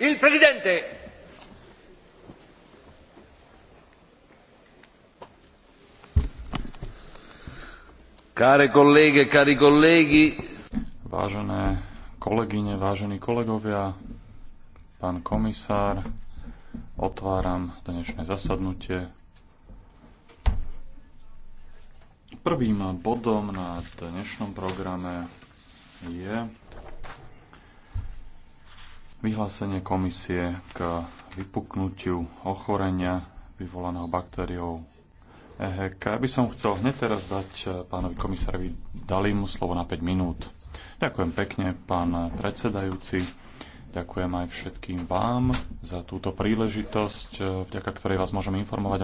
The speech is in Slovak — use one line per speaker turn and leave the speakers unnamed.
Il Presidente.
Care colleghe, cari colleghi. Vážené kolegyne, vážení kolegovia, pán komisár,
otváram dnešné zasadnutie. Prvým bodom na dnešnom programe je Vyhlásenie komisie k vypuknutiu ochorenia vyvolaného baktériou EHK. Ja by som chcel hneď teraz dať eh, pánovi komisárovi Dalimu slovo na 5 minút. Ďakujem pekne, pán
predsedajúci. Ďakujem aj všetkým vám za túto príležitosť, eh, vďaka ktorej vás môžem informovať